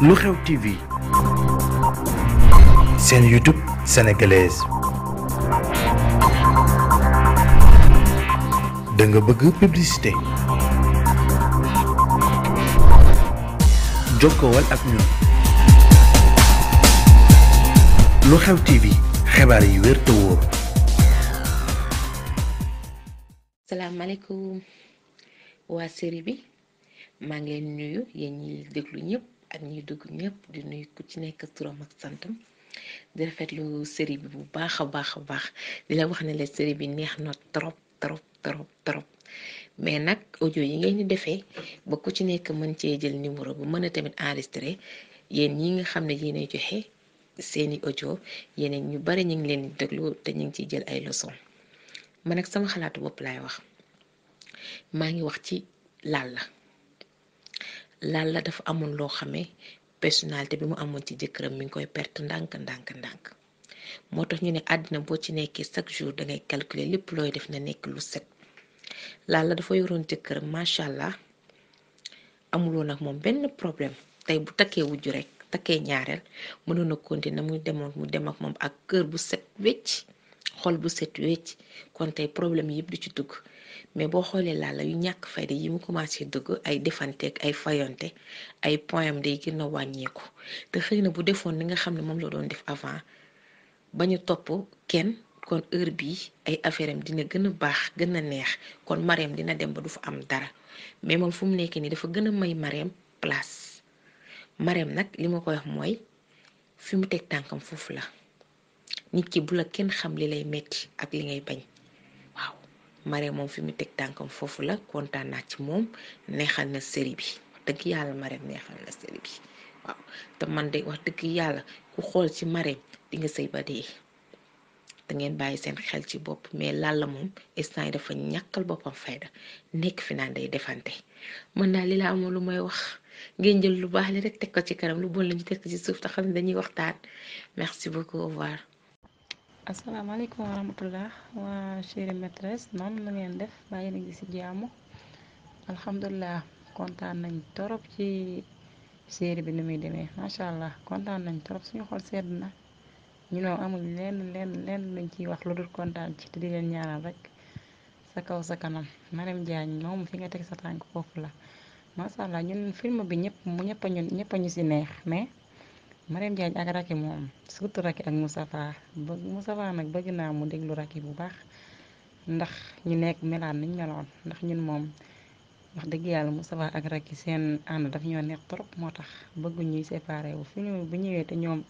lu xew TV seen YouTube sénégalaise da bëgg publicité jokkowal ak ñun lu xew TV xibaar yi wér wóor. salaamaaleykum waa série bi maa ngi leen nuyu yéen ñi déglu ñëpp. ak ñi dugg ñëpp di nuyu ku ci nekk turam ak santam di rafetlu série bi bu baax a baax a baax di la wax ne la série bi neex na trop trop trop trop mais nag audio yi ngeen di defee ba ku ci nekk mën cee jël numéro bu mën a tamit enregistré yéen ñi nga xam ne yéenay joxe seeni audio yeneen ñu bari ñu ngi leen di déglu te ñu ngi ciy jël ay leçon man ak sama xalaatu bopp laay wax maa ngi wax ci laal la Lalla dafa amoon loo xamee personnalité bi mu amoon ci jëkkëram mu ngi koy perte ndànk ndànk ndànk moo tax ñu ne àddina boo ci nekkee chaque jour da ngay calculer lépp looy def na nekk lu set Lalla dafa yoroon jëkkëram macha allah amuloon ak moom benn problème tey bu takkee wujju rek takkee ñaareel mënoon na continuer na muy demoon mu dem ak moom ak kër bu set wecc xol bu set wecc kon tey problème yëpp du ci dugg mais boo xoolee Lalla yu ñàkk fayda yi mu commencé dëgg ay defanteeg ay fayonte ay point am day gën a wàññeeku te xëy na bu defoon li nga xam ne moom la doon def avant bañu topp kenn kon heure bi ay affaire am dina gën a baax gën a neex kon Marème dina dem ba du fa am dara mais moom fu mu nekk nii dafa gën a may Marème place Marème nag li ma koy wax mooy fi mu teg tànkam foofu la nit ki bu la kenn xam li lay metti ak li ngay bañ Marème moom fi mu teg tànkam foofu la kontaan naa ci moom neexal na série bi wax dëgg yàlla Marème neexal na série bi waaw te man de wax dëgg yàlla ku xool ci Marème dinga sëy ba dee da ngeen bàyyi seen xel ci bopp mais Lalla moom instant yi dafa ñàkkal boppam fayda nekk fi naan day defante mën naa li la amoon lu may wax ngeen jël lu baax li rek teg ko ci kanam lu bon lañu teg ko ci suuf te xam ne dañuy waxtaan merci beaucoup au asalaamaaleykum wa rahmatullah waa chérie maîtresse noonu la ngeen def baa yéen a ngi ci jàmm alhamdulilah kontaan nañ torop ci série bi ni muy demee macha allah kontaan nañ torop suñu xol sedd na ñu ne amul lenn lenn lenn luñ ciy wax lu dul kontaan ci te di leen ñaanal rek sa kaw sa kanam Marème Diagne moom fi nga teg sa tànk foofu la macha allah ñun film bi ñëpp mu ñëpp a ñu ci neex mais. Mariam Diagne ak Racky moom surtout rakki ak mu Moustapha ba Moustapha nag bëgg naa mu déglu Racky bu baax ndax ñu nekk melaan niñ meloon ndax ñun moom wax dëgg yàlla mu Moustapha ak Racky seen ànd daf ñoo neex trop moo tax bëgguñ ñuy séparé wu fi bu ñëwee te ñoom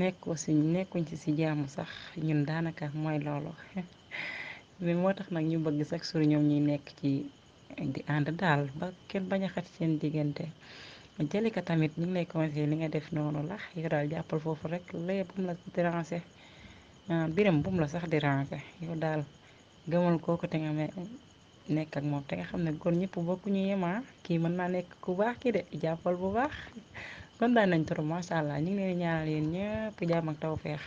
nekk aussi nekkuñ ci si jàmm sax ñun daanaka mooy loolu mais moo tax nag ñu bëgg sax sur ñoom ñuy nekk ci di ànd daal ba kenn bañ a xat seen diggante. jëlika tamit ñu ngi lay conseillé li nga def noonu la yow daal jàppal foofu rek lee bu mu la déranger ah, biram bu la sax déranger yow daal gëmal kooku te nga nekk ak moom te nga xam ne góor ñëpp bokkuñu yema ah, kii mën naa nekk ku baax ki de jàppal bu baax kon daan nañ trop macha allah ñu ngi leen ñaanal yéen ñëpp jàmm ak tawfeex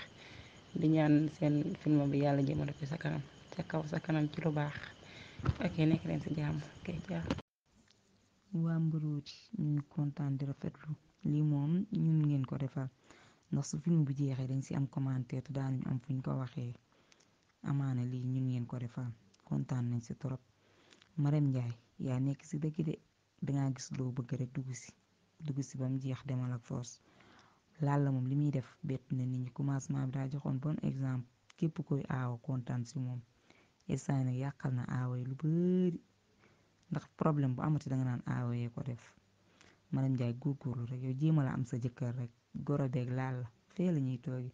feex ñaan seen film bi yàlla jëmale ko sa kanam ca kaw sa kanam ci lu baax ok nekk leen si jàmm waa Mbourodi ñu kontaan di rafetlu lii moom ñu ngeen ko defal ndax su film bu jeexee dañ si am commentaire te daañu am fu ñu ko waxee amaana lii ñu ngeen ko defal kontaan nañ si trop Marème Ndiaye yaa nekk si dëgg de dangaa gis loo bëgg rek dugg si dugg si ba jeex demal ak force laal la moom li muy def bett na nit ñi commencement bi daa joxoon bon exemple képp koy aawa kontaan si moom instant nag na aawa yi lu bari ndax problème bu amati danga naan aawee ah, ko def madame Ndiaye góorgóorlu rek yow jéemal a am sa jëkkër rek goro beeg laal la fee la ñuy toogi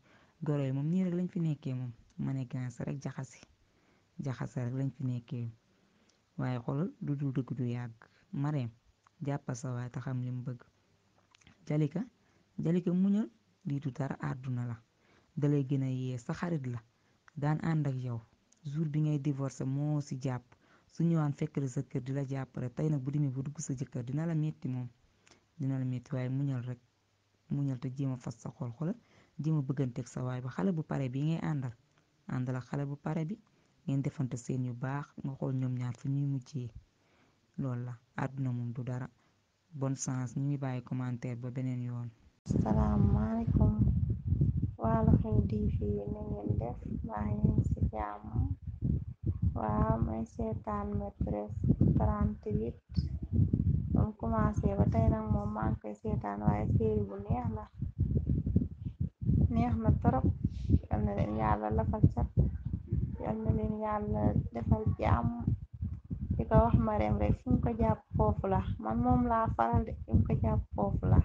goro yi moom nii rek lañ fi nekkee moom ma ne manigance rek jaxasi jaxase rek lañ fi nekkee waaye xoolal du dul dëgg du yàgg mareem jàppal sa waaye te xam li mu bëgg jalika jalika muñal lii du dara àdduna la dalay gën a yee sa xarit la daan ànd ak yow jour bi ngay divorcé moo ci jàpp su ñëwaan fekk la sa kër di la jàppale tey nag bu demee bu dugg sa jëkkër dina la metti moom dina la metti waaye muñal rek muñal te jéem a fas sa xol xola jéem a bëgganteeg sa waay ba xale bu pare bi ngay àndal àndal ak xale bu pare bi ngeen defante seen yu baax nga xool ñoom ñaar fu ñuy mujjee loolu la àdduna moom du dara bon chance ñu ngi bàyyi commentaire ba beneen yoon. salaamaaleykum waa Lu Xew TV na def maa ngi si jàmm waaw may seetaan maitresse trente huit moom commencé ba tey nag moom maa ngi koy seetaan waaye série neex la neex na torop yal na leen yàlla lafal cat yal na leen yàlla defal jàmm di wax Marème rek fi mu ko foofu la man moom laa faral de fi mu ko jàpp foofu la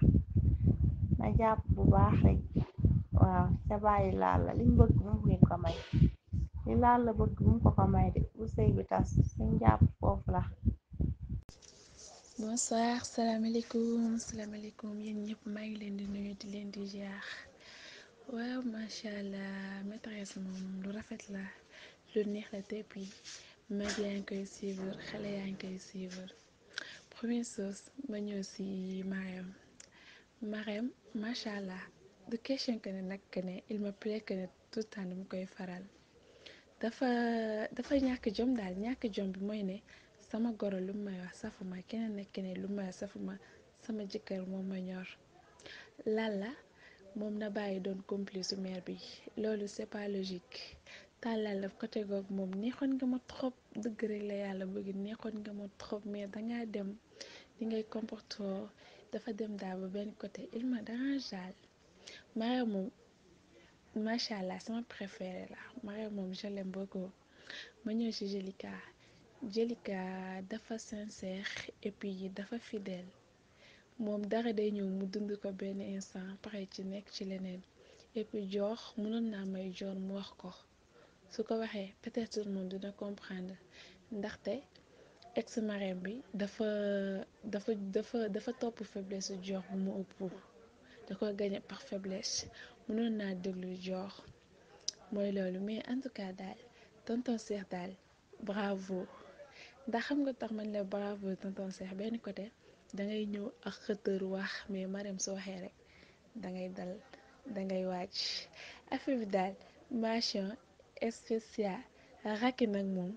na jàpp bu baax rek waaw ca bàyyi laal la liñ bëgg ko may li Lalla bëgg bum ko ko may de bu sëy bi tas suñ jàpp foofu la bonsoir salaamaaleykum salaamaaleykum yéen ñëpp maa ngi leen di nuyu di leen di jaax waaw macha allah moom lu rafet la lu neex la te puis yaa ngi koy suivre xale yaa ngi koy suivre première chose ma ñëw si Marème Marème macha du question que ne nag ne il me plaît que ne tout temps dama koy faral. dafa dafa ñàkk jom daal ñàkk jom bi mooy ne sama goro lu may safuma keneen ak keneen lu may wax safuma sama jëkkër moom ma ñor la moom na bàyyi doon complice mère bi loolu c'est tàllal la côté goog moom neexoon nga ma trop dëgg rek la yàlla bëgg neexoon nga ma trop mais dangaa dem li ngay comportement dafa dem daal ba benn côté il ma jaal maaya moom macha allah sama préférée la Marème moom je l'aime ma ñëw ci Jalika Jalika dafa sincère et puis dafa fidèle moom dara day ñëw mu dund ko benn instant pare ci nekk ci leneen et puis jox mënoon naa may joor mu wax ko su ko waxee peut-être moom dina comprendre ndaxte ex Marème bi dafa dafa dafa dafa topp faiblesse jox bu mu ëpp. da ko gagné par faiblesse mënoon naa déglu jox mooy loolu mais en tout cas daal tonton Cheikh daal bravo ndax xam nga tax man la bravo tonton Cheikh benn côté dangay ñëw ak xëtër wax mais Marème soo waxee rek dangay dal dangay wàcc affaire bi daal mention spéciale rakki nag moom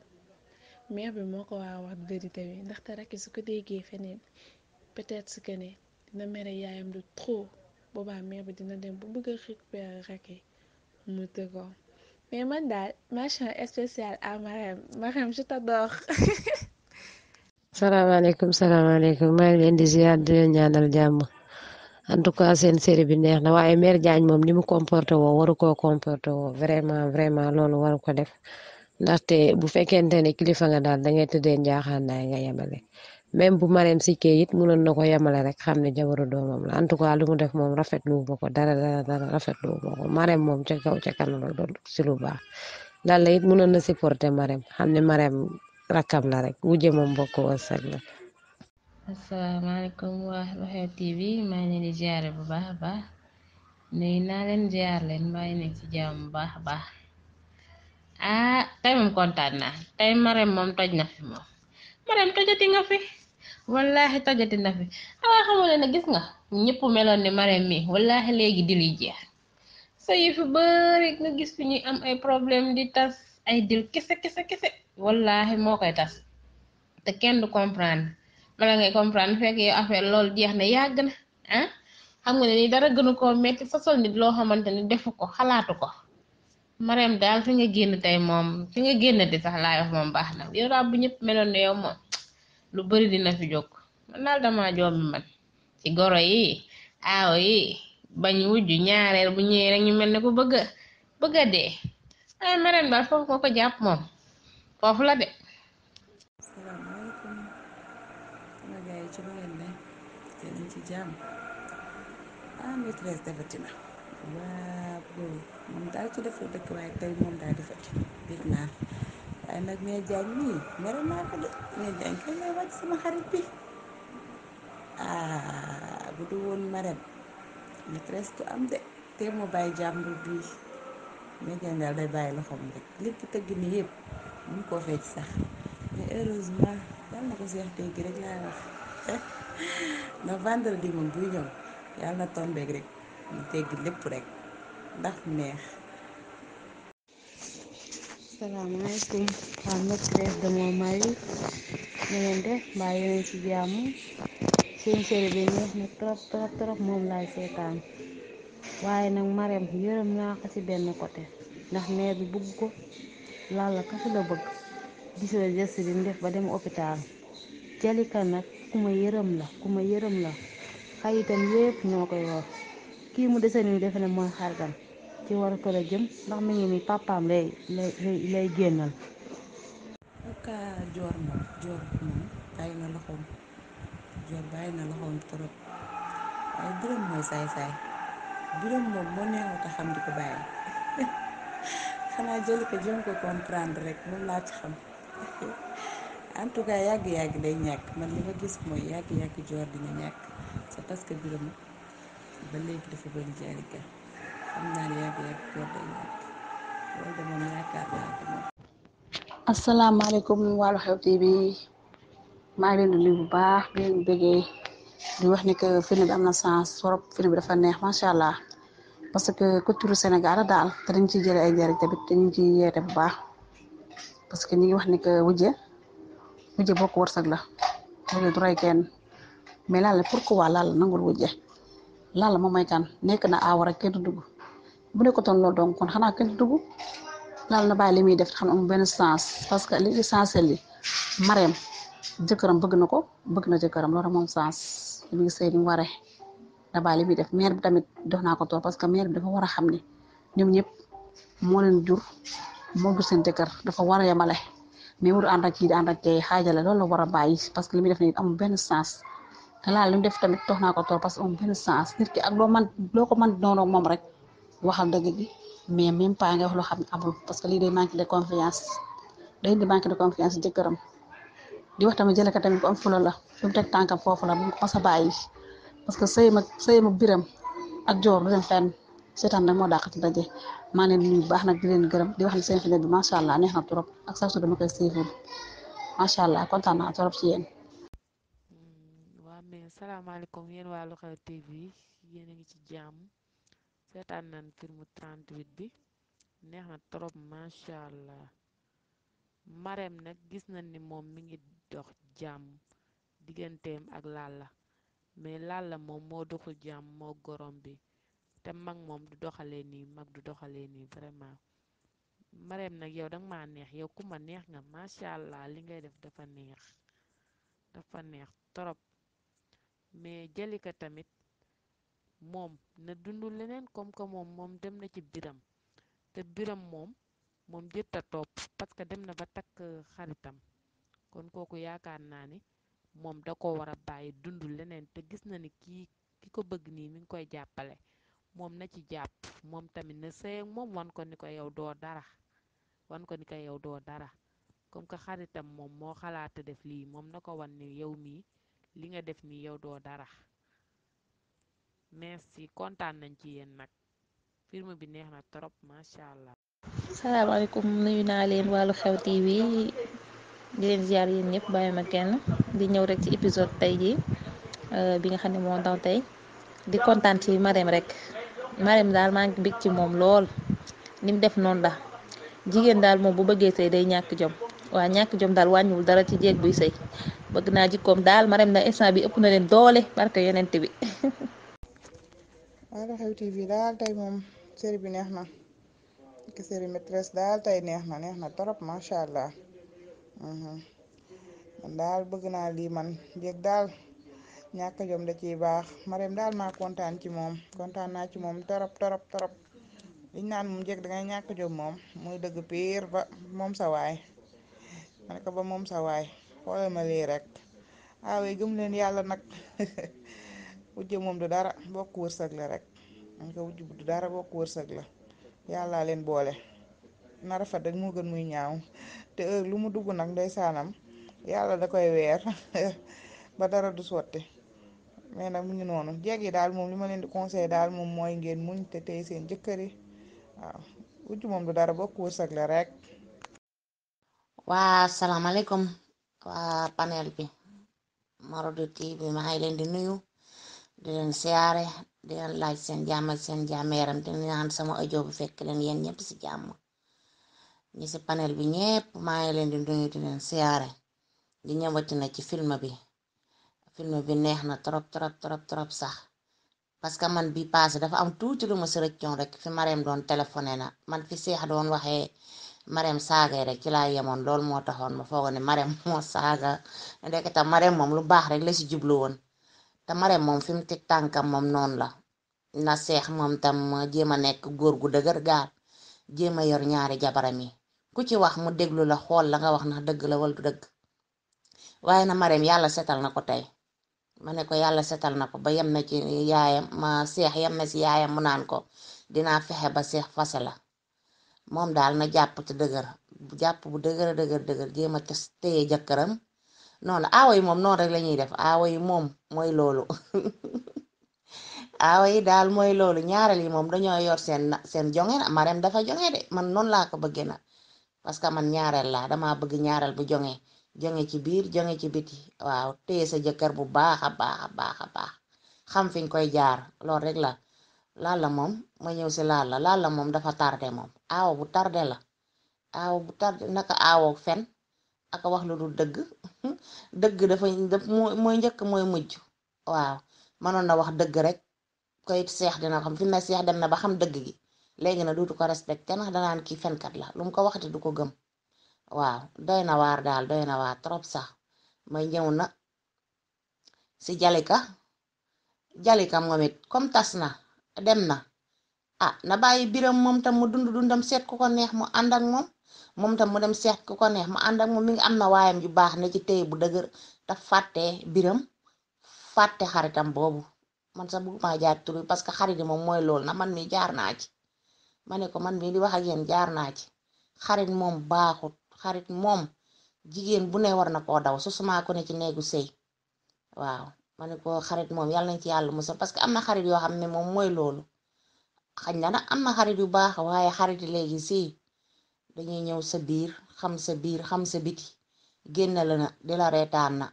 mère bi moo ko waa wax vérité bi ndaxte rakki su ko déggee feneen peut-être que ne dina mere yaayam lu trop. boobaa mère bi dina dem bu bëgg a récupérer rakk yi mu tëggoo mais man daal mention spéciale à Marème Marème je t'adore salaamaaleykum salaamaaleykum maa ngi leen di ziar di ñaanal jàmm en tout cas seen série bi neex na waaye mère jaañ moom ni mu comporté woo waru koo comporté woo vraiment vraiment loolu waru ko def ndaxte bu fekkente ni kilifa nga daal da ngay tëddee njaaxaan naay nga yemale meen bu Marème sikkee it mënoon na ko yemale rek xam ne jabaru doomam la en tout cas lu mu def moom rafetlu ma ko dara dara dara rafetlu ma ko Marème moom ca kaw ca kanam rek doon si lu baax Lalla it mënoon na supporter Marème xam ne Marème rakkam la rek wujje moom bokk wërsëg la. asalaamaaleykum waa Lu Xew TV maa ngi leen di bu baax a baax nuyu naa leen ziar leen maa ngi nekk ci jàmm bu baax a baax ah tey moom kontaan naa tey moom toj wallaahi tojati na fi xanaa xamu ne gis nga ñëpp meloon ni Marème mi wallaahi léegi dil yi jeex sa yi fi bëri nga gis fi ñuy am ay problème di tas ay dil kese kese kese wallaahi moo koy tas te kenn du comprendre bala ngay comprendre fekk yow affaire loolu jeex na yàgg na ah nga ne ni dara gënu koo metti sosol nit loo xamante ni defu ko xalaatu ko Marème daal fi nga génn tey moom fi nga génn di sax laay wax moom baax na yow daal bu ñëpp meloon lu bari dina fi jóg man dama jombi man ci goro yi aawo yi bañ wujj ñaareel bu ñëwee rek ñu mel ne ku bëgg bëgg a dee ay maren foofu nga ko jàpp moom foofu la de asalaamaaleykum sama gars ah, moom daal ci deful dëkk waaye tey moom daal defati biir naa waaye nag Mère Diagne mii mere naa ko de Mère Diagne kenn may wàcc sama xarit bi ah, bu du woon marem li presque am de te mu bàyyi jàmbur bi Mère Diagne daal day bàyyi loxoom rek lépp tëgg ni yëpp mun koo fecc sax mais heureusement yàlla na ko seex dégg rek laa wax ndax vendredi moom buy ñëw yàlla na tombeeg rek mu tegg lépp rek ndax neex salaamaaleykum waa maîtresse de mon mari ñu def mbaa yeneen ci jàmm seen série bi neex na trop trop trop moom laay seetaan waaye nag Marème yërëm naa ko ci benn côté ndax mère bi bugg ko Lalla kese la bëgg gis la geste bi mu def ba dem hôpital Jalika nag ku ma yërëm la ku ma yërëm la xayitam yépp ñoo ko wor kii mu dese nii defe ne mooy xargan ci war ko la jëm ndax mi ngi ni papaam lay lay lay génnal moom bàyyi na loxoom joor bàyyi na loxoom trop waaye biram mooy saay-saay biram moom moo neexut a xam di ko bàyyi xanaa jëli ko jëm ko comprendre rek moom laa ci xam en tout yàgg-yàgg day ñàkk man li ma gis mooy yàgg-yàgg joor dina ñàkk c'est parce que biram ba léegi dafa bañ jaarika xam naa ne yàgg yàgg koo de moom yaakaar naa ko moom. maa ngi bu baax di leen wax ni que film bi am na sens trop film bi dafa neex macha allah parce que culture Sénégal daal te dañ ciy jëlee ay njëriñ tamit te ñu ngi ciy yeete bu baax parce que ñu ngi wax ni que wujje wujje bokk wërsëg la wujje du rey kenn mais laal la pourquoi laal la nangul wujje laal la moom mooy kan nekk na aawara kenn du dugg. bu nekkutoon loolu donc kon xanaa kenn dugg laal na bàyyi li muy def xam am benn sens parce que li essentiel li mareem jëkkëram bëgg na ko bëgg na jëkkëram loolu moom sens li muy sëy ni mu waree na bàyyi def mère bi tamit jox naa ko tool parce que mère bi dafa war a xam ni ñoom ñëpp moo leen jur moo jur seen jëkkër dafa war a yemale mais wuru ànd ak kii war a bàyyi parce que li def nii benn sens te laal li mu def tamit jox naa ko tool parce que amul benn sens nit man loo ko man noonu moom rek. waxal dëgg bi mais même pas nga wax loo xam ne amul parce que lii de manque de confiance day indi manque de confiance jëkkëram di wax tamit jëlee ko tamit ku am fula la fi mu teg tànkam foofu la bu ko mos bàyyi parce que sëy ma sëy ma biram ak joor du dem fenn seetaan nag moo dàq ci daje maa leen nuyu bu baax nag di leen gërëm di wax ne seen fenêtre bi macha allah neex na trop ak saa su dama koy suivre macha allah kontaan naa trop ci yéen. Hmm, waa mais salaamaaleykum yéen waa Lu Xew yéen a ngi ci jàmm. seetaan nan trent 38 bi neex na trop macha allah Marème nag gis na ni moom mi ngi dox jàmm digganteem ak Lalla mais Lalla moom moo doxul jàmm moo gorom bi te mag moom du doxalee nii mag du doxalee nii vraiment Marème nag yow danga ma neex yow ku neex nga macha allah li ngay def dafa neex dafa neex trop mais Jalika tamit moom na dund leneen comme que moom moom dem na ci biram te biram moom moom jëtta topp parce que dem na ba takk euh, xaritam kon kooku yaakaar naa ni moom da ko war a bàyyi dund leneen te gis na ni kii ki ko bëgg nii mi ngi koy jàppale moom na ci jàpp moom tamit na sëy moom wan ko ni ko yow doo dara wan ko ni ko yow doo dara comme que xaritam moom moo xalaata def lii moom na ko wan ni yow mii li nga def nii yow doo dara merci kontaan nañ ci yéen nag film bi neex na trop macha allah. salaamaaleykum nuyu naa leen wàllu xew TV di leen ziar yéen ñëpp bàyyi ma kenn di ñëw rek ci épisode tey jii euh, bi nga xam ne moo daw tey di kontaan ci Marème rek Marème daal maa ngi bég ci moom lool ni mu def noonu la jigéen daal moom bu bëggee sëy day ñàkk jom waa ñàkk jom daal wàññiwul dara ci jéeg buy sëy bëgg naa jikkoom daal Marème daal instant bi ëpp na leen doole barke yonent bi waaye lu xew daal tey moom série bi neex na ki série maîtresse daal tey neex na neex na trop macha allah mhm. daal bëgg naa lii man jéeg daal ñàkk jom da ciy baax Marème daal maa kontaan ci moom kontaan naa ci moom trop liñ naan moom jéeg dangay ñàkk jom moom muy dëgg piir ba moom sa ma ne ba moom sa waay ma lii rek waaw gëm leen yàlla nag wujje moom du dara bokk wërsëg rek dañ ko wujj dara bokk wërsëg la yàllaa leen boole na rafet rek moo gën muy ñaaw te heure lu mu dugg nag ndeysaanam yàlla da koy weer ba dara du sotti mais nag mu ngi noonu jeeg daal moom li ma leen di conseil daal moom mooy ngeen muñ te seen jëkkër yi waaw moom dara bokk wërsëg rek waa salaamaaleykum waa bi Marodi TV maa ngi leen di nuyu di leen siyaare di leen laaj seen jàmm seen jàmm yaram di ñaan sama audio bu fekk leen yéen ñëpp si jàmm ñi si panel bi ñëpp maa ngi leen di nuyu di di ñëwati na ci film bi film bi neex na trop trop trop sax parce que man bi passé dafa am tuuti lu ma si rëccoon rek fi Marème doon téléphoné na man fi seex doon waxee Marème saaga rek ci laa yemoon loolu moo taxoon ma foog ne Marème moo saaga ndekete Marème moom lu baax rek la si jublu woon te Marème moom fi mu teg tànkam moom noonu la na seex moom tam jéem a nekk góor gu dëgër gaal jéem a yor ñaari jabaram yi ku ci wax mu déglu la xool la nga wax na dëgg la wal dëgg waaye na Marème yàlla setal na ko tey ma ne ko yàlla setal na ko ba yem na ci yaayam ma seex yem na ci yaayam mu naan ko dinaa fexe ba seex fase la moom daal na jàpp te dëgër jàpp bu dëgër dëgër dëgër jéem a téye jëkkëram non la yi moom noonu rek lañuy def aawo yi moom mooy loolu aawa yi daal mooy loolu ñaareel yi moom dañoo yor seen seen jonge na Marème dafa jonge de man noonu laa ko bëggee na parce que man ñaareel laa damaa bëgg ñaareel bu jonge jonge ci biir jonge ci biti waaw téye sa jëkkër bu baax a baax a baax a baax xam fiñ koy jaar loolu rek la la moom ma ñëw si laal la laal la moom dafa tarde moom aawa bu tarde la aawa bu tardé naka aawoo fen ak wax lu dul dëgg dëgg dafa mooy njëkk mooy mujj waaw mënoon na wax dëgg rek koy seex dina xam fi na seex dem na ba xam dëgg gi léegi na duutu ko respecté ndax danaan kii fenkat la lu mu ko waxati du ko gëm waaw doy na waar daal doy na waar trop sax may ñëw na si Jalika Jalika moom it tas na dem na ah na bàyyi biram moom tam mu dund dundam seet ku ko neex mu ànd ak moom tam mu dem seet ku ko neex mu ànd ak moom mi ngi am na waayam yu baax na ci tey bu dëgër daf fàtte biram fàtte xaritam boobu man sax bëgguma jaar tur parce que xarit moom mooy loolu na man mi jaar naa ci ma ne ko man mii di wax ak yéen jaar naa ci xarit moom baaxut xarit moom jigéen bu ne war na koo daw su suma ko ne ci néegu sëy waaw ma ne ko xarit moom yàlla nañ ci yàlla sax parce que am na xarit yoo xam ne moom mooy loolu xañ na nag am na xarit yu baax waaye xarit léegi sii dañuy ñëw sa biir xam sa biir xam sa biti génn la na di la reetaan na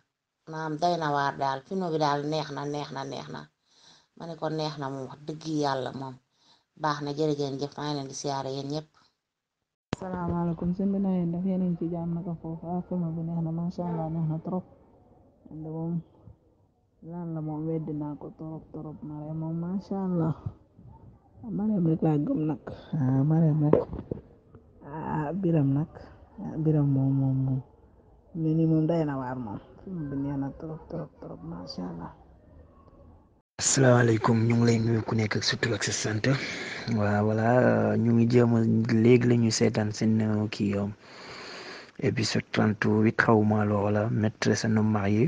maam day na waar daal film bi daal neex na neex na neex na ma ne ko neex na moom yàlla moom baax na jërëgeen jëf maa na yéen def yéen a ngi ci jàmm naka foofu ah film bi neex na macha gëm nag ah, ah biram nag ah, biram moom moom moom ni moom day na waar moom film bi na trop trop trop macha allah. asalaamaaleykum ñu ngi lay nuyu ku nekk ak sa ak sa sant waaw voilà ñu ngi jéem a léegi la ñu seetaan seen euh, kii euh, épisode trente huit xaw ma loo wala maîtresse d'un homme marié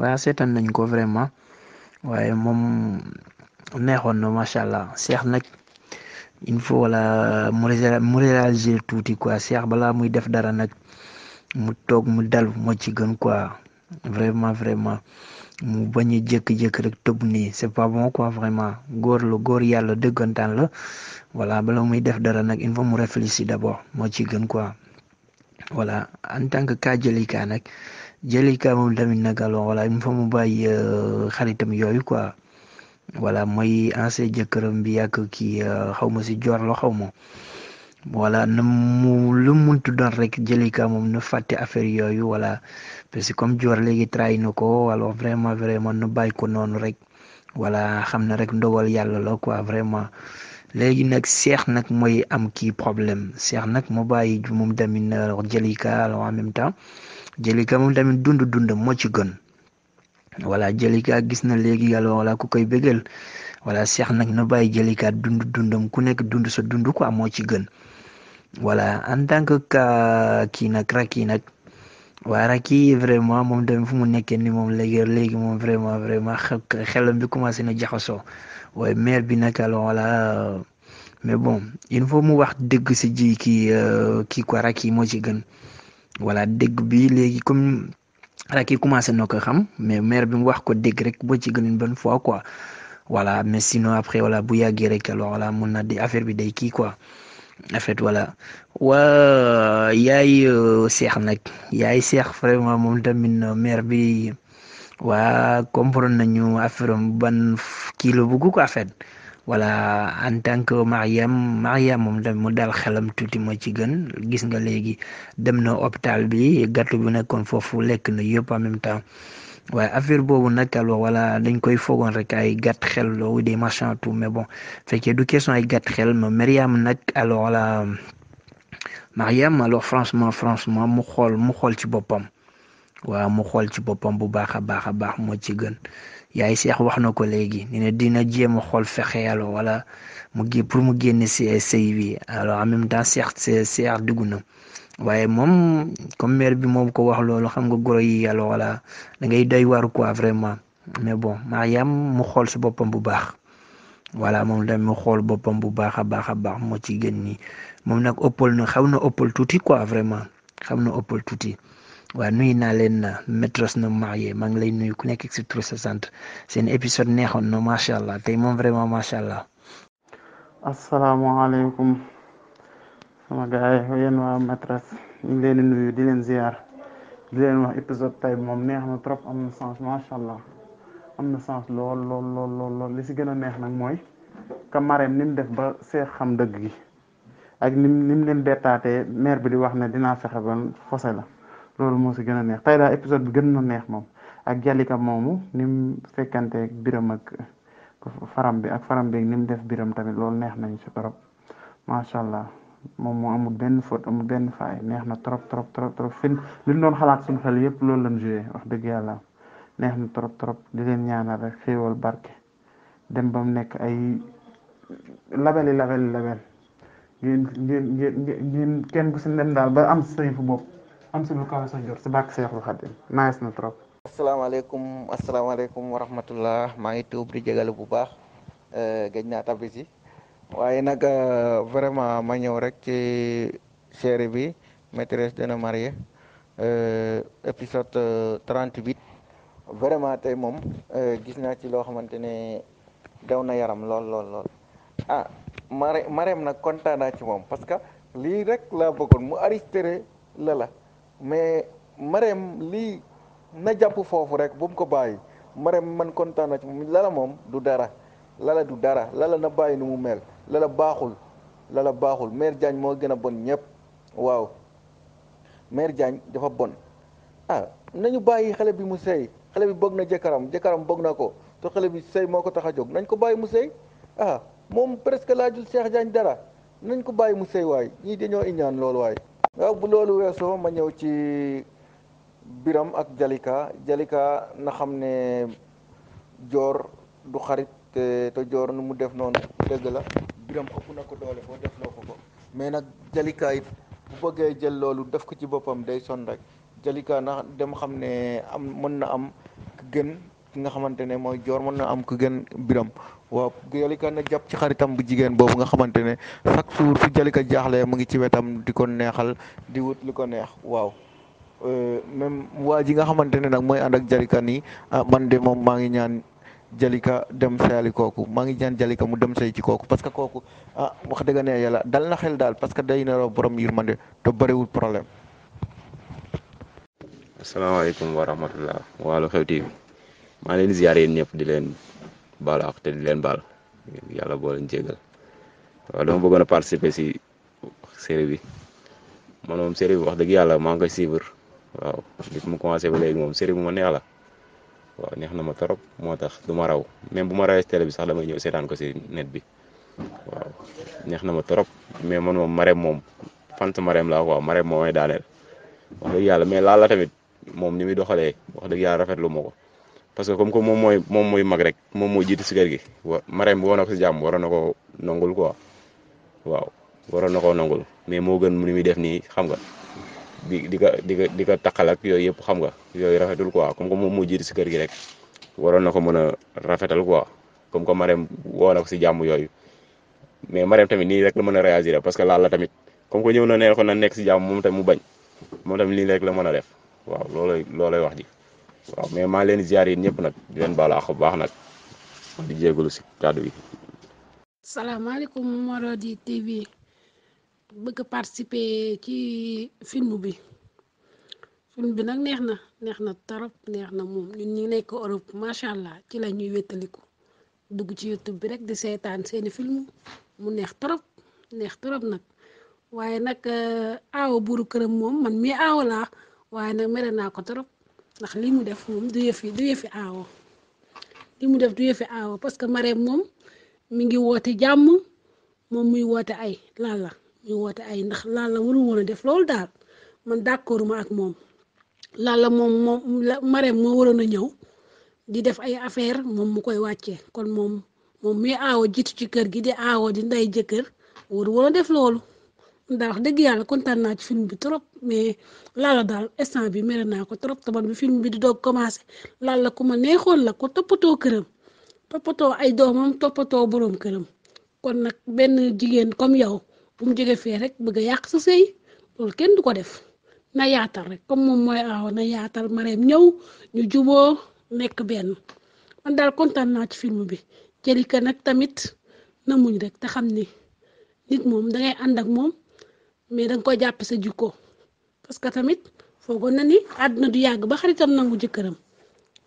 waaw seetaan nañ ko vraiment waaye moom neexoon na macha allah seex nag. il faut wala mu mu réaliser tuuti quoi Cheikh balaa muy def dara nag mu toog mu dal moo ci gën quoi vraiment vraiment mu bañ a jékki rek tëb nii c'est pas bon quoi vraiment góor la góor yàlla dëggantaan la voilà bala muy def dara nag il faut mu réfléchir d'abord moo ci gën quoi voilà en tant que cas Jalika nag Jalika moom tamit nag alors voilà il faut mu bàyyi euh, xaritam yooyu quoi. voilà mooy ancien jëkkëram bi ak kii euh, xaw si joor la xaw ma voilà na mu lu muntu doon rek jëlika moom nu fàtte affaire yooyu voilà parce que comme joor léegi trahi na ko alors vraiment vraiment nu bàyyi ko noonu rek wala xam na rek ndogal yàlla loo quoi vraiment léegi nag seex nag mooy am kii problème seex nag mu bàyyi moom tamit jëlika alors en temps jëlika moom tamit dund dund moo ci gën wala jëlika gis na léegi yàlla wala ku koy bégal wala seex nag na bàyyi jëlikaat dund dundam ku nekk dund sa dund quoi moo ci gën voilà en tant que kii nag rakki nag waa ki vraiment moom dem fu mu nekkee ni moom léegi léegi moom vraiment vraiment xelam bi commencé na jaxasoo waaye maire bi nag alors voilà euh, mais bon il faut mu wax dëgg si ji kii euh, kii quoi rakki moo ci gën bi léegi comme. rek yi commencé noo ko xam mais maire bi mu wax ko dégg rek boo ci gën une bonne fois quoi voilà mais sinon après bu yàggee rek alors voilà mun na di affaire bi day kii koi en fait wala waa yaay seex euh, nag yaay seex vraiment moom tamit euh, maire bi waa comprendre nañu affaire ban kii la bëgg ko en voilà en tant que Mariam Mariam moom da mu dal xelam tuuti moo ci gën gis nga léegi dem na hôpital bi gàttu bi nekkoon foofu lekk na yëpp en même temps waaye affaire boobu nag alors wala dañ koy foogoon rek ay gàtt xel ou des machins tout mais bon fekkee du question ay gàtt xel ma Mariam nag alors voilà Mariam alors franchement franchement mu xool mu xool ci boppam waaw mu xool ci boppam bu baax a baax a baax moo ci gën yaay seex wax na ko léegi ne dina jéem a xool fexeel wala mu gé pour mu génn si sëy bi alors en même temps seex seex dugg na waaye moom comme mère bi moom ko wax loolo xam nga goro yi yàlla wala da ngay doy waru quoi vraiment mais bon yam mu xool si boppam bu baax voilà moom tamit mu xool boppam bu baax a baax a baax moo ci gën nii moom nag ëppal na xaw na ëppal tuuti quoi vraiment xaw na ëppal tuuti. waaw nuyu naa leen maîtresse no marié maa ngi lay nuyu ku nekk si tur sa sant seen épisode neexoon na macha allah tey moom vraiment macha allah. asalaamaaleykum sama gars yi yéen waa maîtresse ñu leen di nuyu di leen ziar di leen wax épisode tey moom neex na trop am na sens macha allah am na sens lool lool lool li si gën a neex nag mooy ka Marème ni def ba see xam dëgg gi ak ni mu leen bettaatee maire bi di wax na dinaa fexe ba fose la. loolu moo si gën a neex tey daal épisode bi gën na neex moom ak Jalika moomu ni mu fekkante biram ak faram bi ak faram bi ni mu def biram tamit lool neex nañ si trop macha allah moom moo amul benn faute amul benn faay neex na trop trop trop trop fin li ñu doon xalaat suñu xel yëpp loolu lañ joué wax dëgg yàlla neex na trop trop di leen ñaanal rek xéewal barke dem ba mu nekk ay labeli labeli label ngeen ngeen ngeen kenn ku si dem daal ba am sa yëfu bopp am si lu kawe sa njort si bàkk Seexul Xadim na trop. asalaamaaleykum asalaamaaleykum wa rahmatullah maa ngi tuub di jégalu bu baax gëj naa tabbi waaye nag vraiment ma ñëw rek ci série bi maîtresse d'un homme marié épisode trente huit vraiment tey moom gis naa ci loo xamante ne daw na yaram lool lool lool ah Marème Marème nag kontaan naa ci moom parce que lii rek laa bëggoon mu arrêté la mais Marème lii na jàpp foofu rek bu mu ko bàyyi Marème man kontaan na ci lala moom du dara lala du dara lala na bàyyi nu mu mel lala baaxul lala baaxul mère Diagne moo gën a bon ñëpp waaw mère Diagne dafa bon ah nañu bàyyi xale bi mu sey xale bi bëgg na jëkkaram jëkkaram bëgg na ko te xale bi sey moo ko tax a jóg nañ ko bàyyi mu sey ah moom presque laajul Cheikh Diagne dara nañ ko bàyyi mu sey waay ñii dañoo iñaan loolu waay waaw bu loolu weesoo ma ñëw ci Biram ak Jalika Jalika na xam ne joor du xarit te te joor nu mu def noonu dëgg la Biram ëpp na ko doole ko def loo ko ko mais nag Jalika it bu bëggee jël loolu def ko ci boppam day son rek Jalika na dem xam ne am mën na am ku gën ki nga xamante ne mooy joor mën na am ku gën Biram waaw Jalika na jàpp ci xaritam bu jigéen boobu nga xamante ne chaque jour fu Jalika jaaxle mu ngi ci wetam di ko neexal di wut li ko neex waaw euh, même waa ji nga xamante ne nag mooy ànd ak Jalika ni ah man de moom maa ngi ñaan Jalika dem seeli kooku maa ngi ñaan Jalika mu dem sey ci kooku parce que kooku ah wax dëgg ne yàlla dal na xel daal parce que day naroo borom yërmande te bëriwul problème. asalaamaaleykum wa rahmatulah waa Lu maa leen ziar yéen ñëpp di leen baal a te di leen baal yàlla boo leen jégal waaw dama bëggoon a participer si série bi man moom série bi wax dëgg yàlla maa ngi koy waaw depuis mu commencé ba léegi moom série bu ma neex la waaw neex na ma trop moo tax du ma raw même bu ma rawee tele bi sax damay ñëw seetaan ko si net bi waaw neex na ma trop mais man moom Marème moom fant Marème laa waaw Marème moo may daaneel wax dëgg yàlla mais laal tamit moom ni muy doxalee wax dëgg yàlla rafetlu ma ko. parce que comme que moom mooy moom mooy mag rek moom mooy jiitu si kër gi wa Marème woo na ko si jàmm waroon na koo nangul quoi waaw waroon na koo nangul mais moo gën ni muy def nii xam nga di di ko di ko di ko taxal ak yooyu yëpp xam nga yooyu rafetul quoi kom que moom mooy jiitu si kër gi rek waroon na ko mën a rafetal quoi comme que Marème woo na ko si jàmm yooyu mais Marème tamit nii rek la mën a réagir parce que laal la tamit comme que ñëw na ne ko nekk si jàmm moom tamit mu bañ moom tamit lii rek la mën a def waaw loolay loolay wax ji. waaw mais maa leen ziar yéen ñëpp nag di leen baal bu baax nag di jégalu si kàddu yi. salaamaaleykum Marodi ci film bi film bi nag neex na neex na trop neex na moom ñu nekk Europe macha allah ci la ñuy wétaliku dugg ci YouTube bi rek di seetaan seeni film neex trop neex trop nag waaye nag eh, aawa buuru këram moom man mii aawa waaye nag mere naa ko trop. ndax li mu def moom du yëfi du yëfi aawo li mu def du yëfi aawo parce que Marème moom mi ngi woote jàmm moom muy woote ay lan la muy woote ay ndax lan la waru a def loolu daal man d'accord ma moom lan la moom moom Marème moo waroon a ñëw di def ay affaire moom mu koy wàccee kon moom moom muy aawo jiitu ci kër gi di aawo di nday jëkkër waru woon def loolu ndax wax dëgg yàlla kontaan naa ci film bi trop mais laala daal instant bi mere naa ko trop taban bi film bi di doog commencé laala ku ma neexoon la ko toppatoo këram toppatoo ay doomam toppatoo boroom këram kon nag benn jigéen comme yow bu mu jóge fee rek bëgg a yàq sa sëy kenn du ko def na yaatal rek comme moom mooy aaw na yaatal mareem ñëw ñu juboo nekk benn man daal kontaan naa ci film bi jëlika nag tamit na muñ rek te xam ni nit moom dangay ànd ak moom mais danga ko jàppe sa jikko parce que tamit foogoon na ni àdduna du yàgg ba xaritam nangu jëkkëram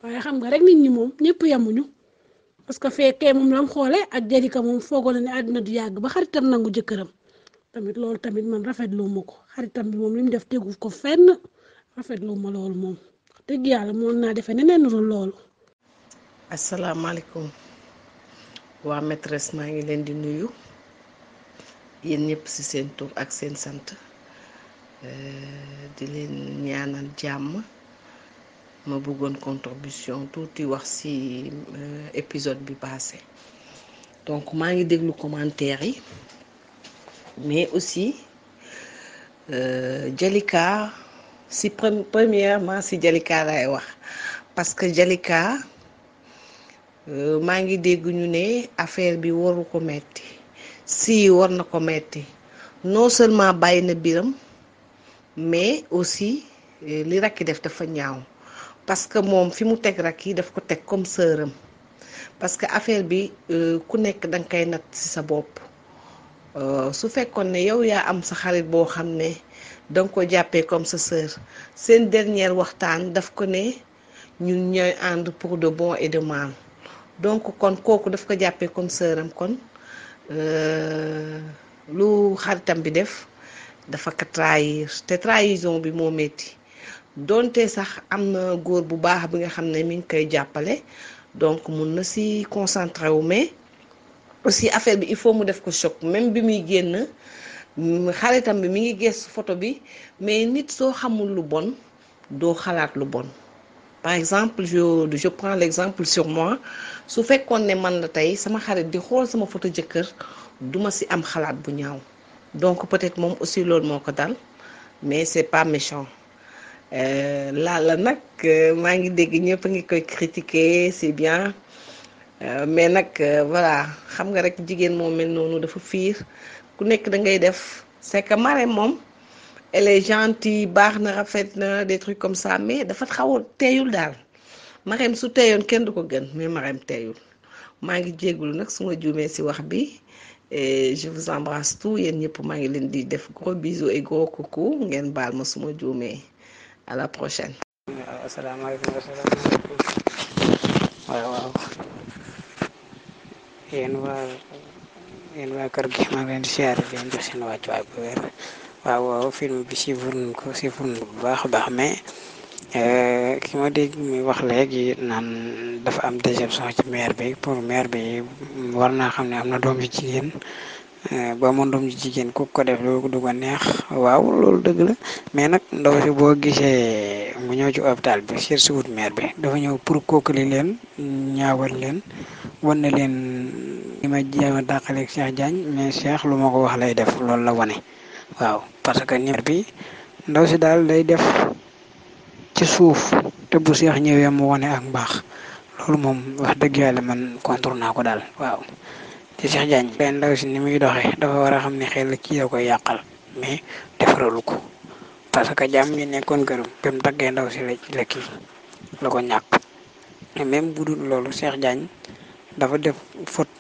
waaye xam nga rek nit ñi moom ñëpp yamuñu parce que fekkee moom lam xoole ak Jalika moom foogoon na ni àddina du yàgg ba xaritam nangu jëkkëram tamit loolu tamit man rafetlu ma ko xaritam bi moom li mu def tegu ko fenn rafetlu ma loolu moom dëgg yàlla moom naa defee neneen lu loolu. asalaamaaleykum waa maîtresse maa ngi leen di nuyu. yéen ñëpp si seen tur ak seen sant di leen ñaanal jàmm ma bëggoon contribution tuuti wax ci euh, épisode bi passé donc maa ngi déglu commentaire yi mais aussi euh, Jalika ci premièrement si Jalika laay wax parce que Jalika euh, maa ngi dégg ñu ne affaire bi waru ko metti si war na ko metti non seulement bàyyi na biram mais aussi eh, li rakki def dafa ñaaw parce que moom fi mu teg rakk yi daf ko teg comme sëram parce que affaire bi euh, ku nekk danga koy nat ci sa bopp euh, su fekkoon ne yow yaa am sa xarit boo xam ne danga ko jàppee comme sa sœur seen dernière waxtaan daf ko ne ñun ñooy ànd pour de bon et de donc kon kooku daf ko jàppee comme sœuram kon Euh, lu xaritam bi def dafa ko trahir te trahison bi moo metti donte sax am na góor bu baax bi nga xam ne mi ngi koy jàppale donc mun na si concentré wu mais aussi affaire bi il faut mu def ko choc même bi muy génn mm, xaritam bi mi ngi gis photo bi mais nit soo xamul lu bon doo xalaat lu bon par exemple je je le exemple sur moi su fekkoon ne man la tey sama xarit di xool sama photo jëkkër duma si am xalaat bu ñaaw donc peut-être moom aussi loolu moo ko dal mais c'est pas méchant euh, Lalla nag euh, maa ngi dégg ñëpp a ngi koy critiquer c'est bien euh, mais nag voilà xam nga rek jigéen moo mel noonu dafa fiir ku nekk da ngay def c'est que Marème moom. elle est baax na rafet na des trucs comme ça mais dafa xaw a daal Marème su teeyoon kenn du ko gën mais Marème teeyul maa ngi jégalu nag suma ma juumee ci wax bi et je vous embrasse tout yéen ñëpp maa ngi leen di def gros bisous et gros coucou ngeen baal ma suma ma juumee à la prochaine. waaw waaw film bi si nañ ko bu baax a baax mais euh, ki ma dégg muy wax léegi naan dafa am déception ci maire bi pour maire bi war naa xam ne am na doom ji jigéen euh, ba mu doom yu jigéen ku ko def loolu du ko neex waaw loolu dëgg la mais nag ndaw si boo gisee mu ñëw ci hôpital bi surtout maire bi dafa ñëw pour kookali leen ñaawal leen wan na leen li ma jéem a dàqaleeg Cheikh Diagne mais Cheikh lu ma ko wax lay def loolu la wone waaw parce que numéro bi ndaw si daal day def ci suuf te bu seex ñëwee mu wane ak mbaax loolu moom wax dëgg yàlla man contour naa ko daal waaw ci Cheikh Diagne leen ndaw si ni muy doxe dafa war a xam ne xel kii koy yàqal mais defaralu ko parce que jàmm ngi nekkoon kër bi mu taggee ndaw si la kii la ko ñàkk même bu dul loolu Cheikh Diagne dafa def faute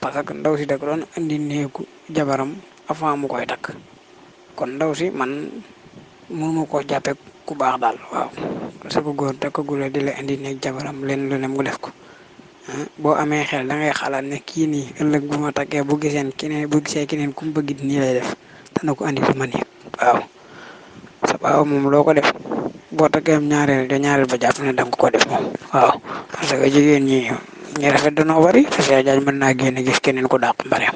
parce que ndaw si da ko doon indi néegu jabaram avant mu koy takk kon ndaw si man mënuma ko jàppe ku baax daal waaw parce que góor takkagula di la indi nekk jabaram leen lu ne mu def ko boo amee xel dangay xalaat ne kii nii ëllëg bu ma bu giseen keneen bu gisee keneen ku mu bëgg nii lay def dana ko andi lu ma nekk waaw sa baaw moom loo ko def boo takkee ñaareel da ñaareel ba jàpp ne da nga ko def moom waaw parce que jigéen ñi ñu rafet danoo bari parce que jaaj mën naa génn gis keneen ku dàq mbareem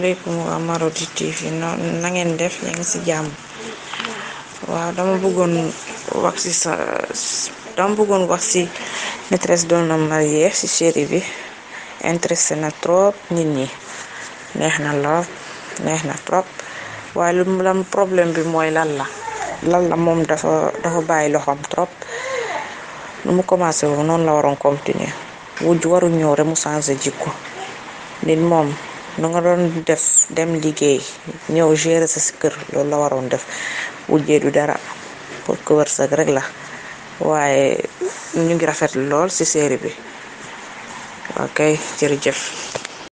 aleykum waa Marodi TV na ngeen def yaa ngi ci jàmm waaw dama bëggoon wax ci sa dama bëggoon wax ci maîtresse d'un homme marié ci série bi intéressé na trop nit ñi neex na lool neex na trop waaye lu lam problème bi mooy lan la lan la moom dafa dafa bàyyi loxoom trop nu mu commencé woon noonu la waroon continuer wujj waru ñëw rek mu changé jikko nit moom nu nga doon def dem liggéey ñëw gérer sa si kër loolu la waroon def wujjee du dara pour que wërsëg rek la waaye ñu ngi rafet lool ci série bi ok jërëjëf